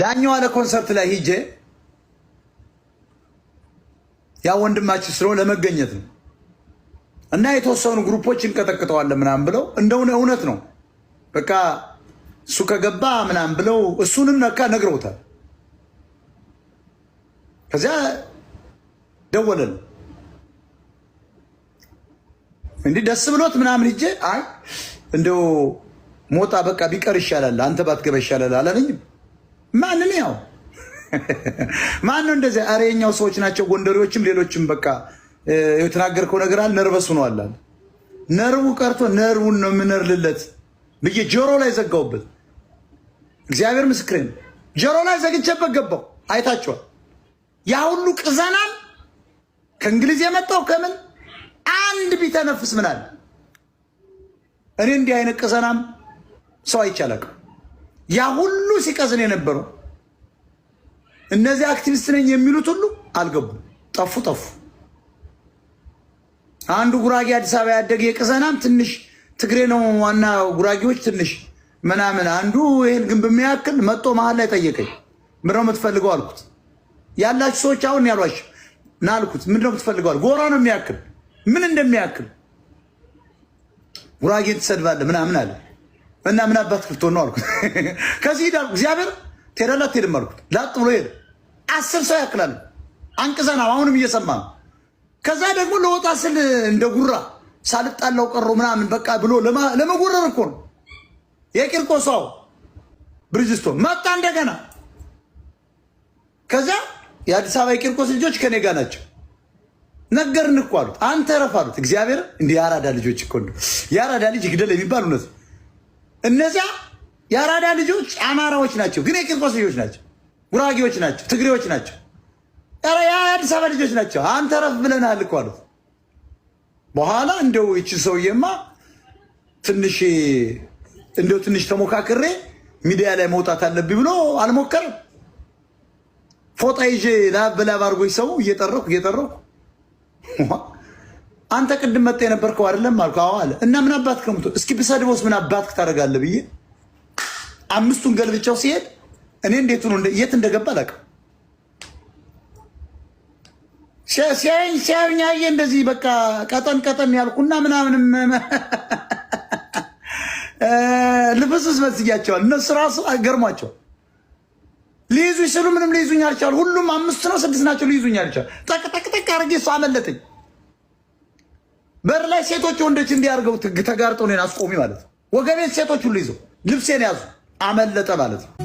ዳኛዋ ለኮንሰርት ላይ ሂጄ ያ ወንድማችን ስለሆነ ለመገኘት ነው እና የተወሰኑ ግሩፖች እንቀጠቅጠዋለን ምናምን ብለው እንደሆነ እውነት ነው። በቃ እሱ ከገባ ምናምን ብለው እሱንም ነካ ነግረውታል። ከዚያ ደወለል እንዲህ ደስ ብሎት ምናምን ሂጄ አይ እንደው ሞጣ በቃ ቢቀር ይሻላል፣ አንተ ባትገባ ይሻላል አላለኝም? ማንን ያው ማን ነው እንደዚያ? ኧረ ሰዎች ናቸው ጎንደሬዎችም፣ ሌሎችም በቃ የተናገርከው ነገር አለ ነርበሱ ነው አላል። ነርቡ ቀርቶ ነርቡን ነው የምነርልለት ብዬ ጆሮ ላይ ዘጋውበት። እግዚአብሔር ምስክሬ ጆሮ ላይ ዘግቼበት ገባው። አይታችኋል። ያ ሁሉ ቅዘናም ከእንግሊዝ የመጣው ከምን አንድ ቢተነፍስ ምናል እኔ እንዲህ አይነት ቅዘናም ሰው አይቻለቅም። ያ ሁሉ ሲቀዝን የነበረው እነዚህ አክቲቪስት ነኝ የሚሉት ሁሉ አልገቡም፣ ጠፉ ጠፉ። አንዱ ጉራጌ አዲስ አበባ ያደገ የቅዘናም ትንሽ ትግሬ ነው ዋና ጉራጌዎች ትንሽ ምናምን አንዱ ይህን ግን በሚያክል መጦ መሀል ላይ ጠየቀኝ። ምንድነው የምትፈልገው አልኩት። ያላችሁ ሰዎች አሁን ያሏቸው ና አልኩት። ምንድነው የምትፈልገዋል? ጎራ ነው የሚያክል ምን እንደሚያክል ጉራጌ ትሰድባለህ ምናምን አለ። እና ምን አባት ክፍቶን ነው አልኩት። ከዚህ ሂድ እግዚአብሔር ትሄዳለህ አትሄድም አልኩት። ላጥ ብሎ ሄደ። አስር ሰው ያክላል። አንቅዘና አሁንም እየሰማ ነው። ከዛ ደግሞ ለወጣ ስል እንደ ጉራ ሳልጣለው ቀሮ ምናምን በቃ ብሎ ለመጎረር እኮ ነው። የቂርቆስ ሰው ብርጅስቶን መጣ እንደገና። ከዛ የአዲስ አበባ የቂርቆስ ልጆች ከኔ ጋር ናቸው። ነገርን እኮ አሉት። አንተ ረፍ አሉት። እግዚአብሔር እንዲህ የአራዳ ልጆች እኮ የአራዳ ልጅ ግደል የሚባል እውነት ነው። እነዚያ የአራዳ ልጆች አማራዎች ናቸው፣ ግን የቂርቆስ ልጆች ናቸው፣ ጉራጌዎች ናቸው፣ ትግሬዎች ናቸው፣ የአዲስ አበባ ልጆች ናቸው። አንተ ረፍ ብለናል እኮ አሉት። በኋላ እንደው ይቺ ሰውዬማ ትንሽ እንደው ትንሽ ተሞካክሬ ሚዲያ ላይ መውጣት አለብኝ ብሎ አልሞከርም። ፎጣ ይዤ ላብ በላብ አድርጎኝ ሰው እየጠረኩ እየጠረኩ አንተ ቅድም መጣ የነበርከው አይደለም አልኩ። አዎ አለ እና ምን አባት ነው እስኪ ብሰድቦስ ምን አባት ታደርጋለህ ብዬ አምስቱን ገልብቻው ሲሄድ እኔ እንዴት ነው የት እንደገባ አላውቅም። ሲያየኝ ሲያየኝ አየ እንደዚህ በቃ ቀጠን ቀጠን ያልኩና ምናምንም ልፍስስ መስያቸዋል። እነሱ ራሱ ገርሟቸው ሊይዙኝ ስሉ ምንም ሊይዙኝ አልቻሉ። ሁሉም አምስት ነው ስድስት ናቸው ሊይዙኝ አልቻሉ። ጠቅጠቅጠቅ አድርጌ እሱ አመለጠኝ። በር ላይ ሴቶች ወንዶች እንዲያርገው ተጋርጠው እኔን አስቆሚ ማለት ነው። ወገቤት ሴቶች ሁሉ ይዘው ልብሴን ያዙ። አመለጠ ማለት ነው።